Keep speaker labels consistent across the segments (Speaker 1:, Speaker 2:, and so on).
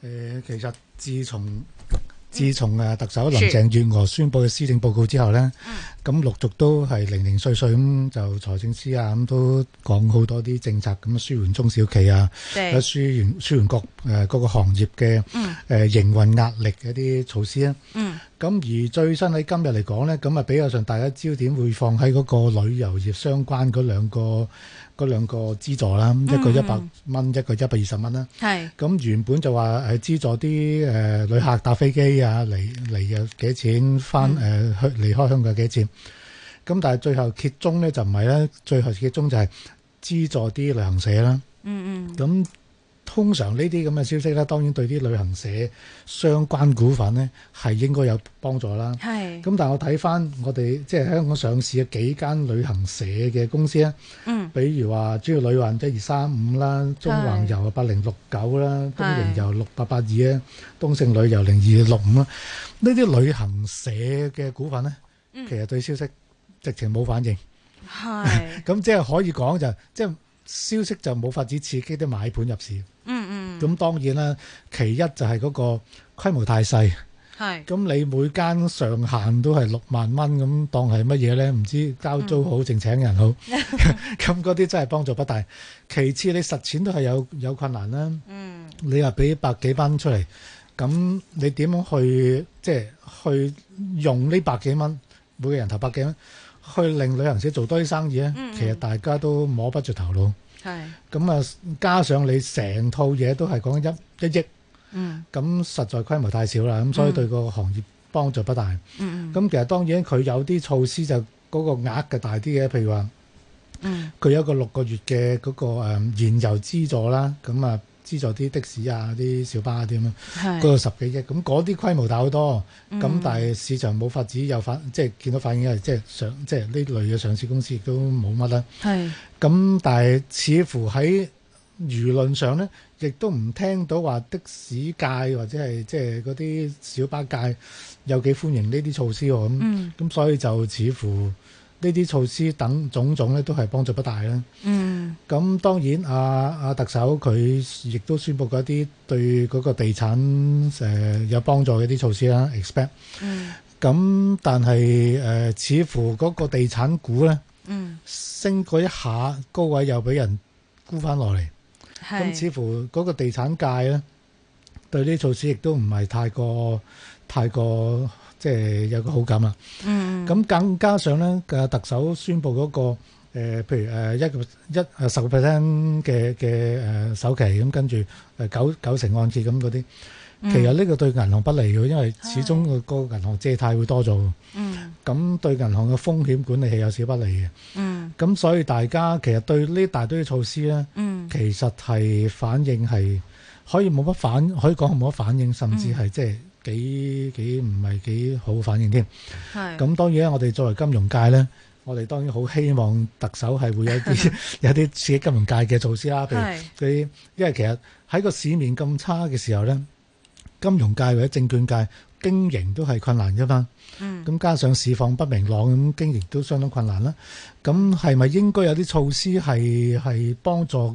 Speaker 1: 誒、呃，其實自從自從啊，特首林鄭月娥宣布嘅施政報告之後咧，咁、嗯、陸續都係零零碎碎咁就財政司啊咁都講好多啲政策咁舒緩中小企啊，一舒緩舒緩各誒各個行業嘅誒、嗯啊、營運壓力嘅一啲措施啊。嗯咁而最新喺今日嚟講咧，咁啊比較上大家焦點會放喺嗰個旅遊業相關嗰兩個嗰兩個資助啦，一個一百蚊，一個一百二十蚊啦。咁、mm hmm. 原本就話係資助啲誒、呃、旅客搭飛機啊嚟嚟嘅幾錢翻誒去離開香港幾幾錢，咁但係最後結終咧就唔係咧，最後結終就係資助啲旅行社啦。嗯嗯、
Speaker 2: mm。
Speaker 1: 咁、hmm.。通常呢啲咁嘅消息咧，當然對啲旅行社相關股份咧係應該有幫助啦。係是。咁但係我睇翻我哋即係香港上市嘅幾間旅行社嘅公司咧，嗯。比如話主要旅運一、二三五啦，縱橫遊八零六九啦，東瀛遊六八八二咧，東盛旅遊零二六五啦。呢啲旅行社嘅股份咧，嗯、其實對消息直情冇反應。
Speaker 2: 係
Speaker 1: 是。咁 即係可以講就即、是、係。消息就冇法子刺激啲買盤入市。
Speaker 2: 嗯嗯。咁、嗯、
Speaker 1: 當然啦，其一就係嗰個規模太細。係是。咁你每間上限都係六萬蚊，咁當係乜嘢咧？唔知交租好定、嗯、請人好？咁嗰啲真係幫助不大。其次，你實踐都係有有困難啦。嗯。你話俾百幾蚊出嚟，咁你點樣去即係去用呢百幾蚊？每個人頭百幾蚊。去令旅行社做多啲生意咧，其實大家都摸不着頭腦。係咁啊，加上你成套嘢都係講一一億，咁、嗯、實在規模太少啦，咁所以對個行業幫助不大。咁、嗯嗯、其實當然佢有啲措施就嗰個額嘅大啲嘅，譬如話，佢有一個六個月嘅嗰個誒燃油資助啦，咁啊。資助啲的士啊，啲小巴啲咁，嗰度是十幾億，咁嗰啲規模大好多，咁、嗯、但係市場冇法子有反，即係見到反應係即係上，即係呢類嘅上市公司亦都冇乜啦。咁是但係似乎喺輿論上咧，亦都唔聽到話的士界或者係即係嗰啲小巴界有幾歡迎呢啲措施喎，咁咁、嗯、所以就似乎。呢啲措施等種種咧，都係幫助不大啦。嗯。咁當然，阿阿特首佢亦都宣佈過一啲對嗰個地產誒有幫助嘅啲措施啦。expect。嗯。咁但係誒，似乎嗰個地產股咧，升嗰一下、嗯、高位又俾人沽翻落嚟。咁係似乎嗰個地產界咧，對呢啲措施亦都唔係太過太過。太過即係有個好感啊！咁更加上咧，誒特首宣布嗰個誒，譬如誒一個一誒十個 percent 嘅嘅誒首期，咁跟住誒九九成按揭咁嗰啲，其實呢個對銀行不利嘅，因為始終個個銀行借貸會多咗。嗯。咁對銀行嘅風險管理係有少不利嘅。嗯。咁所以大家其實對呢一大堆措施咧，其實係反應係可以冇乜反，可以講冇乜反應，甚至係即係。幾幾唔係幾好反應添，咁當然咧，我哋作為金融界咧，我哋當然好希望特首係會有啲有啲刺激金融界嘅措施啦，譬如你，因為其實喺個市面咁差嘅時候咧，金融界或者證券界經營都係困難嘅嘛，嗯，咁加上市況不明朗，咁經營都相當困難啦，咁係咪應該有啲措施係係幫助？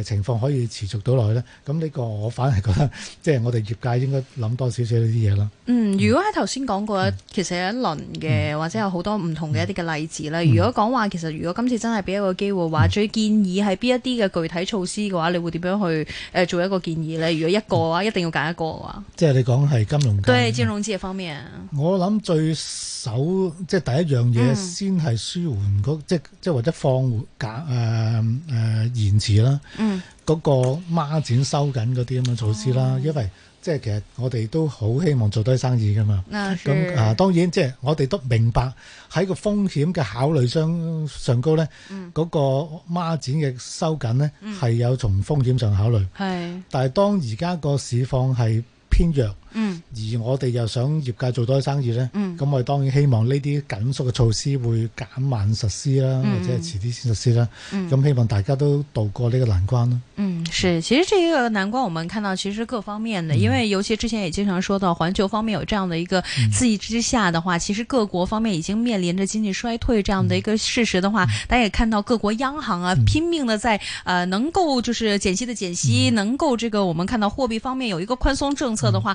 Speaker 1: 誒情況可以持續到落去咧，咁呢個我反而覺得，即係我哋業界應該諗多少少呢啲嘢啦。嗯，
Speaker 3: 如果喺頭先講過、嗯、其實有一輪嘅，嗯、或者有好多唔同嘅一啲嘅例子啦、嗯、如果講話其實如果今次真係俾一個機會嘅話，嗯、最建議係邊一啲嘅具體措施嘅話，嗯、你會點樣去誒做一個建議咧？如果一個嘅話，嗯、一定要揀一個嘅話，
Speaker 1: 即係你講係金融界，
Speaker 3: 對金融資業方面
Speaker 1: 我諗最首即係第一樣嘢，先係舒緩嗰、那個嗯、即係或者放緩減誒誒延遲啦。嗰、嗯、個孖展收緊嗰啲咁嘅措施啦，嗯、因為即係、就是、其實我哋都好希望做低生意㗎嘛。咁啊，啊，當然即係、就是、我哋都明白喺個風險嘅考慮上上高咧，嗰、嗯、個孖展嘅收緊咧係、嗯、有從風險上考慮。是但係當而家個市況係偏弱。嗯，而我哋又想業界做多啲生意呢，咁我哋當然希望呢啲緊縮嘅措施會減慢實施啦，或者係遲啲先實施啦。咁希望大家都度過呢個難關咯。嗯，
Speaker 3: 是，其實呢個難關，我們看到其實各方面的，因為尤其之前也經常說到，環球方面有這樣的一個刺激之下的話，其實各國方面已經面臨着經濟衰退這樣的一個事實的話，大家也看到各國央行啊，拼命的在，呃，能夠就是減息的減息，能夠這個我們看到貨幣方面有一個寬鬆政策的話。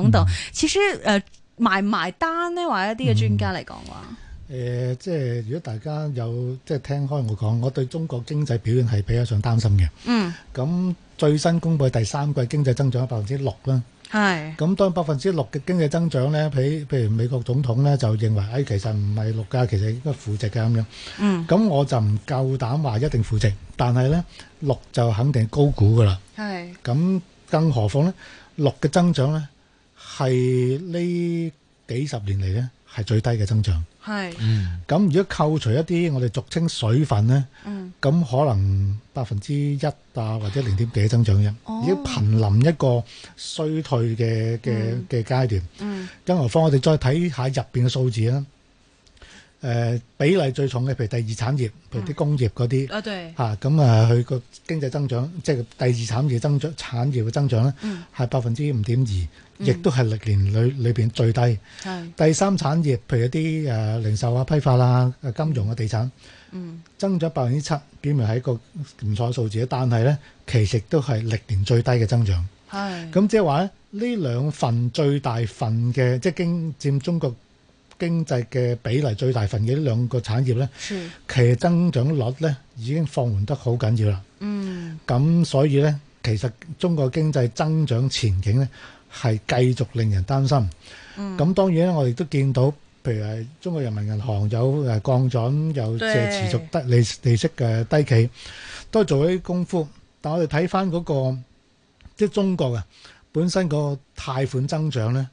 Speaker 3: 講到，其實誒、嗯，埋埋單咧或者一啲嘅專家嚟講話
Speaker 1: 誒，即係如果大家有即係聽開我講，我對中國經濟表現係比較上擔心嘅。嗯，咁最新公布第三季經濟增長係百分之六啦。係咁是，當百分之六嘅經濟增長咧，比譬如，如美國總統咧就認為誒、哎，其實唔係六噶，其實應該負值嘅咁樣。嗯，咁我就唔夠膽話一定負值，但係咧六就肯定高估噶啦。係咁是，更何況咧六嘅增長咧。係呢幾十年嚟咧，係最低嘅增長。係，嗯，咁如果扣除一啲我哋俗稱水分咧，嗯，咁可能百分之一啊或者零點幾嘅增長啫。而家瀕臨一個衰退嘅嘅嘅階段，
Speaker 2: 嗯，
Speaker 1: 更何況我哋再睇下入邊嘅數字啦。誒、呃、比例最重嘅，譬如第二產業，譬如啲工業嗰啲嚇，咁、嗯、啊佢個、啊、經濟增長，即係第二產業增長產業嘅增長咧，係百分之五點二，嗯、亦都係歷年裏裏面最低。嗯、第三產業譬如一啲、呃、零售啊、批發啊、金融啊、地產，嗯、增長百分之七，表面係一個唔錯嘅數字，但係咧其實都係歷年最低嘅增長。咁即係話咧，呢兩份最大份嘅，即係經佔中國。經濟嘅比例最大份嘅呢兩個產業咧，其實增長率咧已經放緩得好緊要啦。嗯，咁所以咧，其實中國經濟增長前景咧係繼續令人擔心。咁當然咧，我哋都見到，譬如係中國人民銀行有誒降準，有即係持續低利利息嘅低企，都做咗啲功夫。但我哋睇翻嗰個即係中國呀本身個貸款增長咧，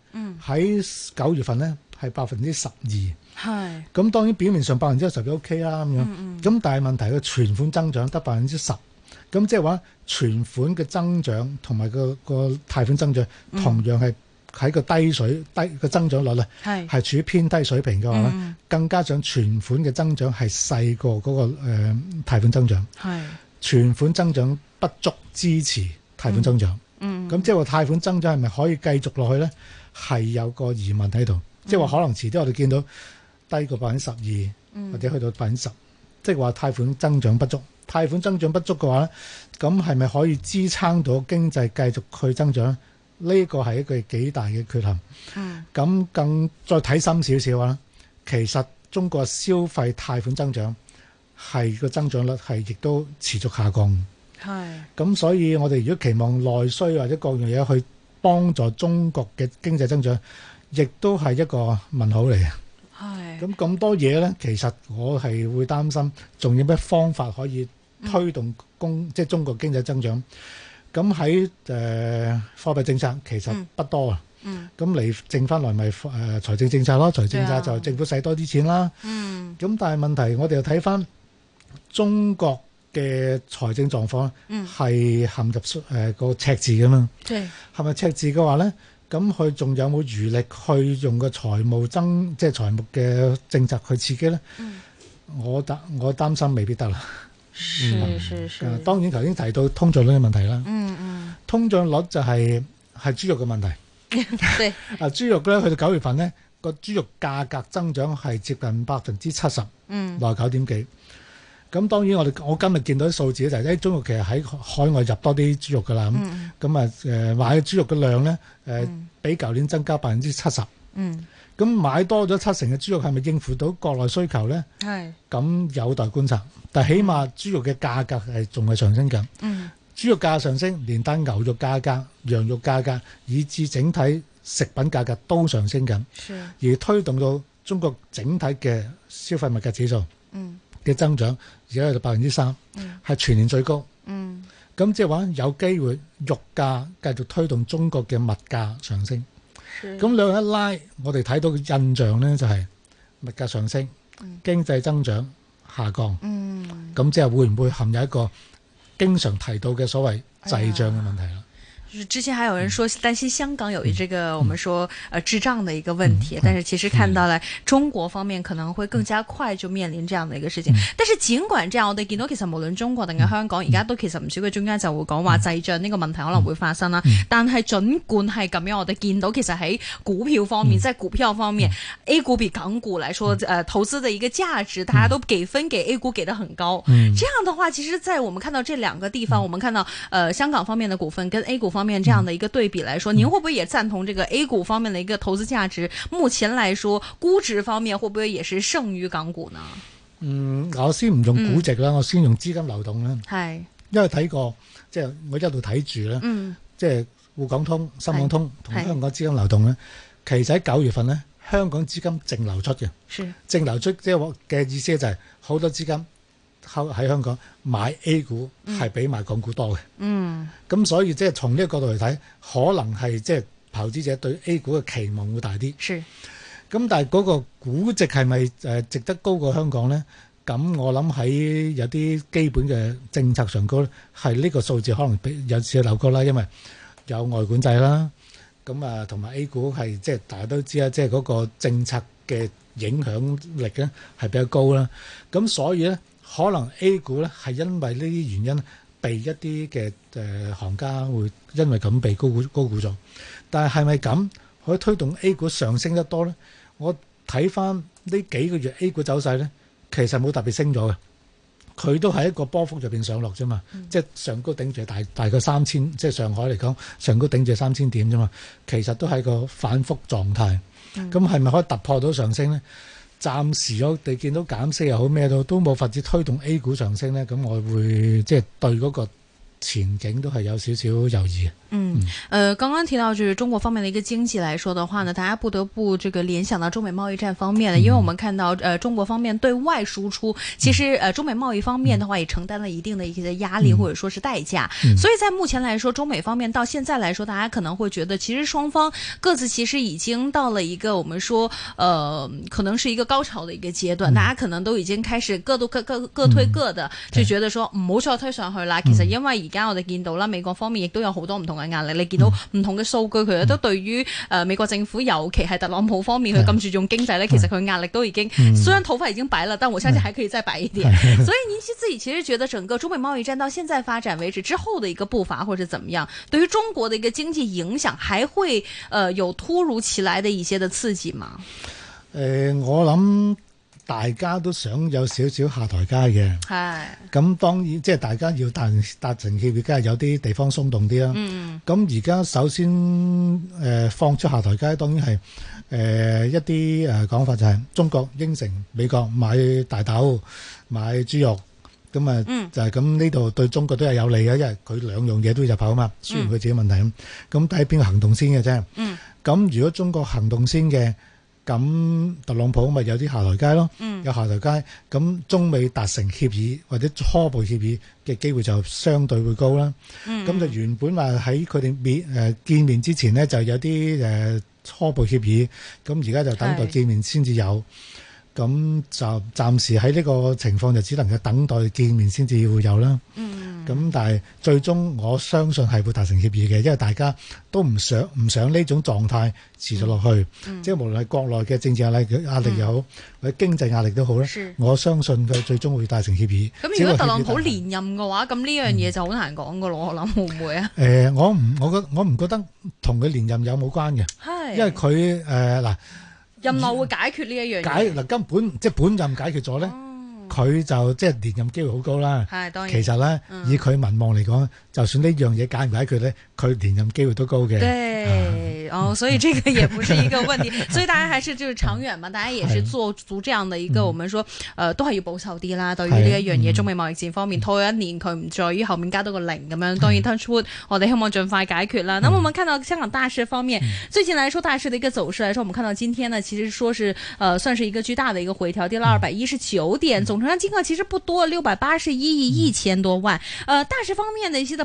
Speaker 1: 喺九月份咧。係百分之十
Speaker 2: 二，
Speaker 1: 咁是當然表面上百分之十都 OK 啦，咁樣咁但係問題個存款增長得百分之十，咁即係話存款嘅增長同埋個個貸款增長同樣係喺個低水、嗯、低個增長率咧，係係處於偏低水平嘅話咧，嗯、更加上存款嘅增長係細過嗰、嗰個誒、呃、貸款增長，
Speaker 2: 係
Speaker 1: 存是款增長不足支持貸款增長，
Speaker 2: 嗯咁
Speaker 1: 即係話貸款增長係咪可以繼續落去咧？係有個疑問喺度。嗯、即係話可能遲啲我哋見到低過百分之十二，或者去到百分之十，嗯、即係話貸款增長不足。貸款增長不足嘅話，咁係咪可以支撐到經濟繼續去增長呢？呢個係一個幾大嘅缺陷。咁、嗯、更再睇深少少啦，其實中國消費貸款增長係個增長率係亦都持續下降。
Speaker 2: 係
Speaker 1: 咁是，所以我哋如果期望內需或者各樣嘢去幫助中國嘅經濟增長，亦都係一個問號嚟啊！係咁咁多嘢咧，其實我係會擔心，仲有咩方法可以推動公即係、嗯、中國經濟增長？咁喺誒貨幣政策其實不多啊、嗯！嗯，咁你剩翻來咪誒財政政策咯？財政政策就政府使多啲錢啦。嗯，咁但係問題我哋又睇翻中國嘅財政狀況，係陷入誒、嗯呃嗰個赤字㗎嘛？係咪是赤字嘅話咧？咁佢仲有冇餘力去用個財務增，即、就、係、是、財務嘅政策去刺激咧？嗯、我擔我擔心未必得啦。是是。當然頭先提到通脹率嘅問題啦、嗯。嗯嗯。通脹率就係係豬肉嘅問題。啊 對，豬肉咧，去到九月份咧，個豬肉價格增長係接近百分之七十，內九、嗯、點幾。咁當然我哋我今日見到啲數字就係、是哎、中國其實喺海外入多啲豬肉噶啦，咁咁啊買豬肉嘅量咧、呃嗯、比舊年增加百分之七十，咁、嗯、買多咗七成嘅豬肉係咪應付到國內需求咧？咁是有待觀察，但起碼豬肉嘅價格係仲係上升緊。嗯嗯、豬肉價上升，連單牛肉價格、羊肉價格，以至整體食品價格都上升緊，的而推動到中國整體嘅消費物價指數。嗯嘅增長而家去到百分之三，係全年最高。咁即係話有機會肉價繼續推動中國嘅物價上升。咁兩一拉，我哋睇到嘅印象咧就係物價上升，經濟增長下降。咁即係會唔會含有一個經常提到嘅所謂滯脹嘅問題啦？
Speaker 3: 就是之前還有人說擔心香港有這個我們說呃滯脹的一個問題，但是其實看到了中國方面可能會更加快就面臨這樣的一個事情。但是盡管這樣，我哋見到其實無論中國定香港，而家都其實唔少嘅中間就會講話滯脹呢個問題可能會發生啦。但係盡管係咁樣，我哋見到其實喺股票方面，在股票方面，A 股比港股來說，呃，投資的一個價值，大家都給分給 A 股給的很高。嗯，這樣的話，其實在我們看到這兩個地方，我們看到，呃，香港方面的股份跟 A 股方面這樣的一個對比來說，嗯、您會不會也贊同這個 A 股方面的一個投資價值？目前來說，估值方面會不會也是勝於港股呢？
Speaker 1: 嗯，我先唔用估值啦，嗯、我先用資金流動啦。係、嗯，因為睇過即係、就是、我一路睇住啦，嗯、即係滬港通、深港通同、嗯、香港資金流動咧。是其實喺九月份咧，香港資金淨流出嘅，淨是流出即係嘅意思就係、是、好多資金。喺香港買 A 股係比買港股多嘅，咁、嗯、所以即係從呢個角度嚟睇，可能係即係投資者對 A 股嘅期望會大啲。咁是但係嗰個估值係咪誒值得高過香港呢？咁我諗喺有啲基本嘅政策上高，係呢個數字可能有少少扭高啦，因為有外管制啦。咁啊，同埋 A 股係即係大家都知啦，即係嗰個政策嘅影響力咧係比較高啦。咁所以咧。可能 A 股咧係因為呢啲原因，被一啲嘅誒行家會因為咁被高估高估咗。但係係咪咁可以推動 A 股上升得多咧？我睇返呢幾個月 A 股走勢咧，其實冇特別升咗嘅。佢都係一個波幅入邊上落啫嘛，即係上高頂住大大概三千，即係上海嚟講上高頂住三千點啫嘛。其實都係個反覆狀態，咁係咪可以突破到上升咧？暫時我哋見到減息又好咩都好都冇法子推動 A 股上升咧，咁我會即係對嗰、嗰個，前景都係有少少猶豫，嗯，
Speaker 3: 呃，剛剛提到就是中國方面的一個經濟來說的話呢，大家不得不這個聯想到中美貿易戰方面嘅，嗯、因為我們看到呃，中國方面對外輸出，其實、嗯、呃，中美貿易方面的話也承擔了一定的一些壓力、嗯、或者說是代價。嗯、所以在目前來說中美方面到現在來說大家可能會覺得其實雙方各自其實已經到了一個我們說呃，可能是一個高潮的一個階段，嗯、大家可能都已經開始各都各各各，各推各的，嗯、就覺得說唔需要推上去啦，其實因為而家我哋見到啦，美國方面亦都有好多唔同嘅壓力。你見到唔同嘅數據，佢、嗯、都對於誒美國政府，尤其係特朗普方面，佢咁、嗯、注重經濟呢。嗯、其實佢嘅壓力都已經，嗯、雖然頭髮已經白了，但我相信還可以再白一點。嗯、所以您自己其實覺得，整個中美貿易戰到現在發展為止之後的一個步伐，或者怎麼樣，對於中國嘅一個經濟影響，還會、呃、有突如其來的一些的刺激嗎？
Speaker 1: 誒、呃，我諗。大家都想有少少下台階嘅，咁是當然即係大家要達達成協議，梗係有啲地方鬆動啲啦。咁而家首先、呃、放出下台階，當然係、呃、一啲誒講法就係、是、中國應承美國買大豆、買豬肉，咁啊就係咁呢度對中國都係有利嘅，因為佢兩樣嘢都要入口啊嘛，輸入佢自己問題咁。咁睇邊個行動先嘅啫。咁、嗯、如果中國行動先嘅。咁特朗普咪有啲下台階咯，嗯、有下台階，咁中美達成協議或者初步協議嘅機會就相對會高啦。咁、嗯、就原本話喺佢哋面誒見面之前呢，就有啲誒初步協議，咁而家就等待見面先至有。咁是就暫時喺呢個情況就只能夠等待見面先至會有啦。嗯咁但係最終我相信係會達成協議嘅，因為大家都唔想唔想呢種狀態持續落去，嗯、即係無論係國內嘅政治壓力壓力又好，嗯、或者經濟壓力都好是我相信佢最終會達成協議。咁那麼 如果特朗普
Speaker 3: 連任嘅話，咁呢樣嘢就好難講㗎咯。嗯、我諗會唔會
Speaker 1: 啊？呃、我唔我覺我唔覺得同佢連任有冇關嘅，因為佢誒嗱任內會
Speaker 3: 解決呢一樣嘢解嗱
Speaker 1: 根本即係本，本任解決咗咧。嗯佢就即係連任機會好高啦。當
Speaker 2: 然其實咧，嗯、以
Speaker 1: 佢文望嚟講。就算呢樣嘢解唔解決呢，佢連任機會都高嘅。
Speaker 3: 對，哦，所以這個也不是一個問題， 所以大家還是就是長遠嘛，大家也是做足這樣的一個，嗯、我們說，呃，都係要保守啲啦。對、嗯、於呢一樣嘢，嗯、中美貿易戰方面拖一年佢唔在於後面加多個零咁樣，當然推出我哋希望盡快解決啦。嗯、那麼我們看到香港大市方面，嗯、最近來說大市的一個走勢來說，我們看到今天呢，其實說是，呃，算是一個巨大的一個回調，跌咗二百一十九點，總成交金額其實不多，六百八十一億一千多萬。嗯、呃，大市方面的一些的。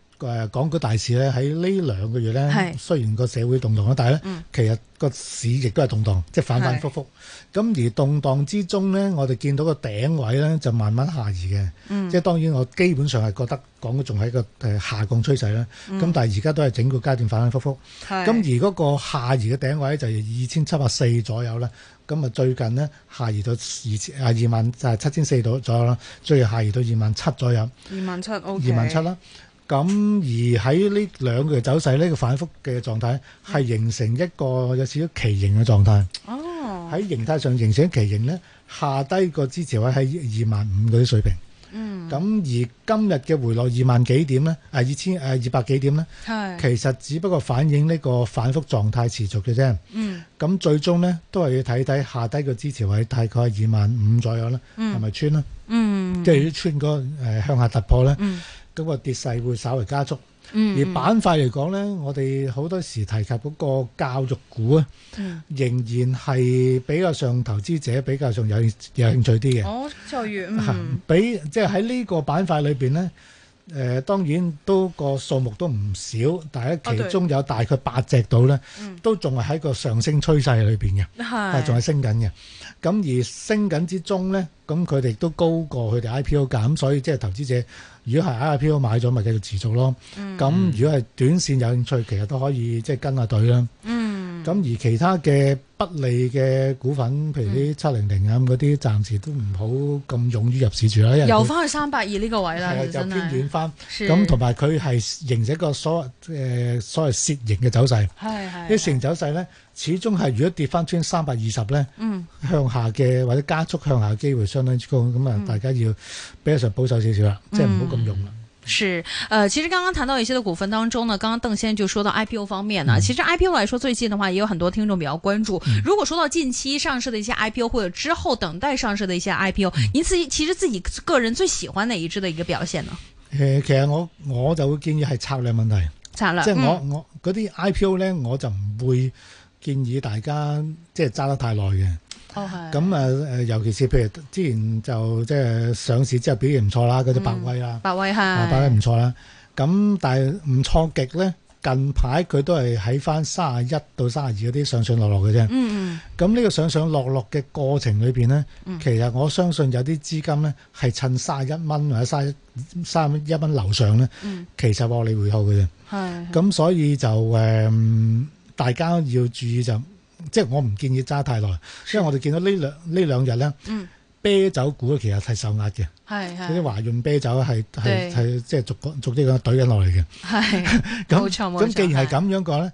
Speaker 1: 誒港股大市咧，喺呢兩個月咧，是雖然個社會動盪啦，但係咧，嗯、其實個市亦都係動盪，即係反反覆覆。咁是而動盪之中咧，我哋見到個頂位咧就慢慢下移嘅，嗯、即係當然我基本上係覺得港股仲係一個誒下降趨勢啦。咁、嗯、但係而家都係整個階段反反覆覆。咁是而嗰個下移嘅頂位就係二千七百四左右啦。咁啊，最近呢，下移到二千啊二萬就係七千四度左右啦，最下移到二萬七左右。
Speaker 3: 二萬七
Speaker 1: 二萬七啦。咁而喺呢兩個嘅走勢呢，呢個反覆嘅狀態係形成一個有少少奇形嘅狀態。哦，喺形態上形成奇形咧，下低個支持位係二萬五嗰啲水平。嗯。咁而今日嘅回落二萬幾點咧？啊，二千誒二百幾點咧？係。其實只不過反映呢個反覆狀態持續嘅啫。嗯。咁最終咧，都係要睇睇下低個支持位大概係二萬五左右啦。係咪穿啦？嗯、
Speaker 2: mm.。即
Speaker 1: 係啲穿嗰誒向下突破咧。嗯。Mm. 咁個跌勢會稍微加速，而板塊嚟講咧，我哋好多時提及嗰個教育股啊，仍然係比較上投資者比較上有有興趣啲嘅。我、哦、就、嗯啊、比即係喺呢個板塊裏邊咧，誒、呃、當然都個數目都唔少，但係其中有大概八隻到咧，哦、都仲係喺個上升趨勢裏邊嘅，係仲係升緊嘅。咁而升緊之中咧，咁佢哋亦都高過佢哋 IPO 價，咁所以即係投資者，如果係 IPO 買咗，咪繼續持續咯。咁、嗯、如果係短線有興趣，其實都可以即係跟下隊啦。咁而其他嘅不利嘅股份，譬如啲七零零啊嗰啲，暫時都唔好咁勇於入市住啦。又翻
Speaker 3: 去三百二呢個位啦，係啊，又偏遠
Speaker 1: 翻。咁同埋佢係形成一個所、呃、所謂蝕型嘅走勢。係係啲蝕型走勢咧，始終係如果跌翻穿三百二十
Speaker 2: 咧，
Speaker 1: 向下嘅或者加速向下嘅機會相當之高。咁啊、嗯，大家要比較上保守少少啦，嗯、即係唔好咁勇啦。
Speaker 3: 是，呃，其實剛剛談到一些的股份當中呢，剛剛鄧先生就說到 IPO 方面呢，嗯、其實 IPO 來說最近的話也有很多聽眾比較關注。嗯、如果說到近期上市的一些 IPO 或者之後等待上市的一些 IPO，您自己其實自己個人最喜歡哪一支的一個表現呢？誒、
Speaker 1: 呃，其實我我就會建議係策略問題，
Speaker 2: 策略，嗯、即係我我
Speaker 1: 嗰啲 IPO 呢，我就唔會建議大家即係揸得太耐嘅。哦係，咁啊誒，尤其是譬如之前就即係上市之後表現唔錯啦，嗰隻百威啦，百威係，百威唔錯啦。咁但係唔錯極咧，近排佢都係喺翻三十一到三十二嗰啲上上落落嘅啫。嗯，咁呢個上上落落嘅過程裏邊咧，嗯、其實我相信有啲資金咧係趁三十一蚊或者三十一蚊樓上咧，嗯、其實獲利回吐嘅啫。係的，咁所以就誒、嗯，大家要注意就。即係我唔建議揸太耐，因為我哋見到呢兩呢兩日咧，嗯、啤酒股其實係受壓
Speaker 2: 嘅，啲華
Speaker 1: 潤啤酒，係係係即係逐個逐啲咁樣堆緊落嚟嘅。
Speaker 2: 係，咁咁、 嗯冇錯嗯、既然係
Speaker 1: 咁樣講咧。冇錯是